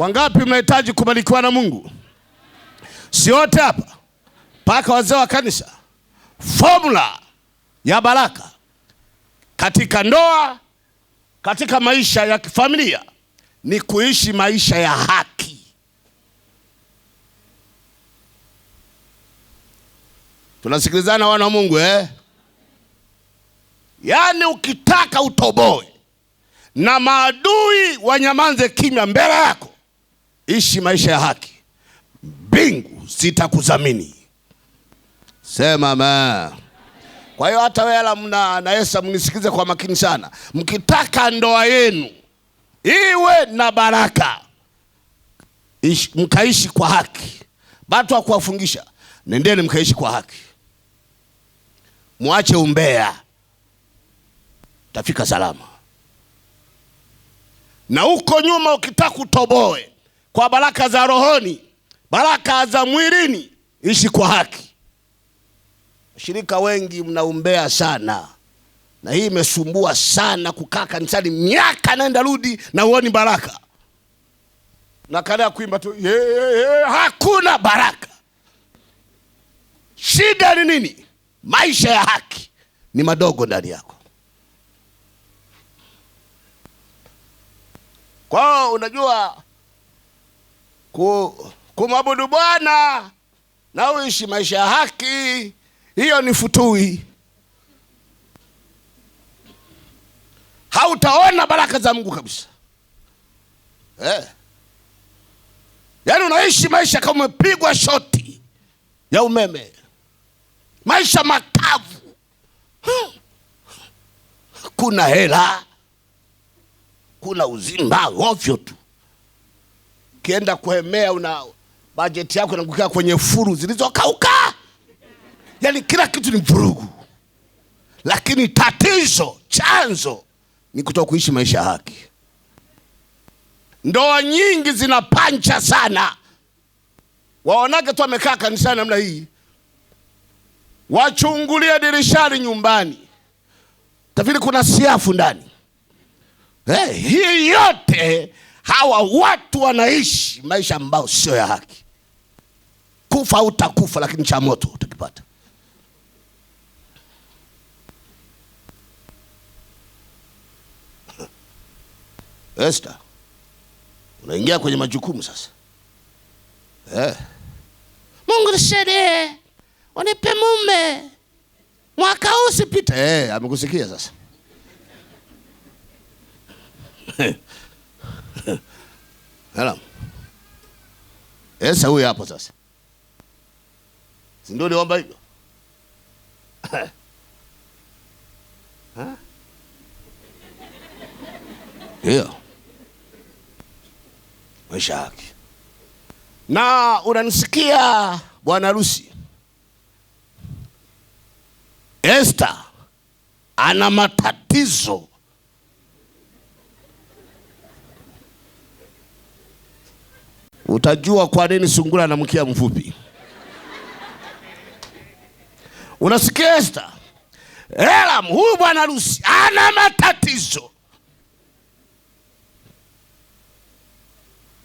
Wangapi mnahitaji kubarikiwa na Mungu? Si wote hapa, mpaka wazee wa kanisa. Fomula ya baraka katika ndoa, katika maisha ya kifamilia ni kuishi maisha ya haki. Tunasikilizana wana wa Mungu eh? Yaani ukitaka utoboe na maadui wanyamanze kimya mbele yako ishi maisha ya haki, mbingu zitakudhamini. Sema amen. Kwa hiyo hata wewe ala na Yesu, mnisikize kwa makini sana, mkitaka ndoa yenu iwe na baraka, ishi, mkaishi kwa haki, batu wa kuwafungisha, nendeni mkaishi kwa haki, mwache umbea, tafika salama. Na huko nyuma ukitaka utoboe kwa baraka za rohoni, baraka za mwilini, ishi kwa haki. Washirika wengi mnaumbea sana, na hii imesumbua sana, kukaa kanisani miaka naenda rudi na uoni baraka, na kuimba tu ye, ye, ye, hakuna baraka. Shida ni nini? Maisha ya haki ni madogo ndani yako. Kwao unajua kumwabudu Bwana na uishi maisha ya haki, hiyo ni futui. Hautaona baraka za Mungu kabisa eh. Yaani unaishi maisha kama umepigwa shoti ya umeme, maisha makavu, kuna hela, kuna uzima ovyo tu ukienda kuhemea una bajeti yako inaangukia kwenye furu zilizokauka, yaani kila kitu ni vurugu. Lakini tatizo chanzo ni kutoka kuishi maisha haki. Ndoa nyingi zinapancha sana, waonake tu amekaa kanisani namna hii, wachungulie dirishani nyumbani, tafili kuna siafu ndani. Hey, eh, hii yote hawa watu wanaishi maisha ambayo sio ya haki. Kufa au utakufa, lakini cha moto utakipata. Esta, unaingia kwenye majukumu sasa eh. Mungu nisaidie, unipe mume mwaka huu usipite. Eh, amekusikia sasa Esa huyo hapo sasa, si ndio uliomba hivyo? Ndio maisha yake. Na unanisikia bwana harusi, Esta ana matatizo utajua kwa nini sungura na mkia mfupi. Unasikia Esta? Elam, huyu bwana harusi ana matatizo.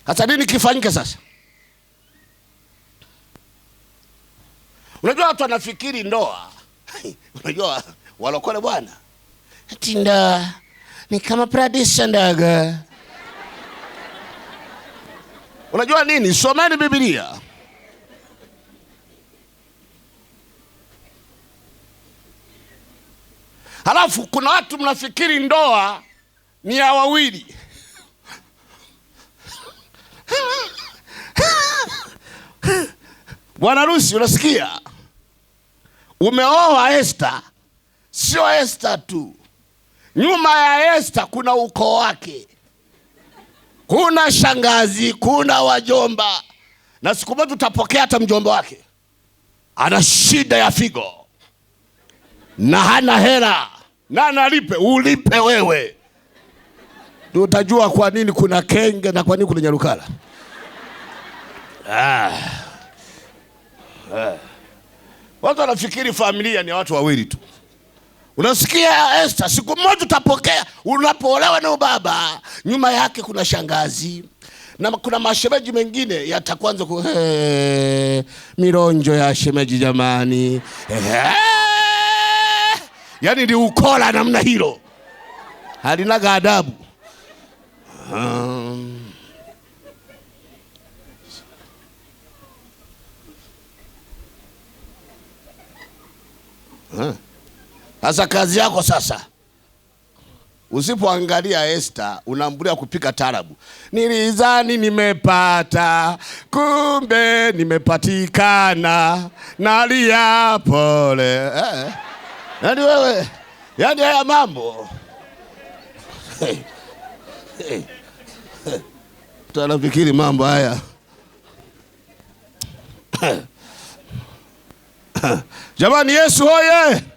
Hata nini kifanyike sasa? Unajua watu wanafikiri ndoa, unajua walokole bwana, ati ndoa ni kama pradisha ndaga Unajua nini? Someni Biblia. Halafu kuna watu mnafikiri ndoa ni ya wawili. Bwana Rusi, unasikia? Umeoa Esta, sio Esta tu, nyuma ya Esta kuna ukoo wake kuna shangazi, kuna wajomba, na siku moja tutapokea hata mjomba wake ana shida ya figo na hana hela na analipe, ulipe wewe, ndio utajua kwa nini kuna kenge na kwa nini kuna nyarukala. Ah. Ah. Watu wanafikiri familia ni watu wawili tu, Unasikia Esta, siku moja utapokea. Unapoolewa na baba, nyuma yake kuna shangazi na kuna mashemeji mengine yatakwanza ku mironjo ya shemeji jamani, hey, yani ni ukola namna hilo halinaga adabu. Um, huh. Sasa kazi yako sasa, usipoangalia Esther, unaambulia kupika tarabu. Nilizani nimepata, kumbe nimepatikana, nalia pole eh. Nani eh. wewe? Yaani haya mambo hey. Hey. Hey. Tunafikiri mambo haya jamani. Yesu hoye!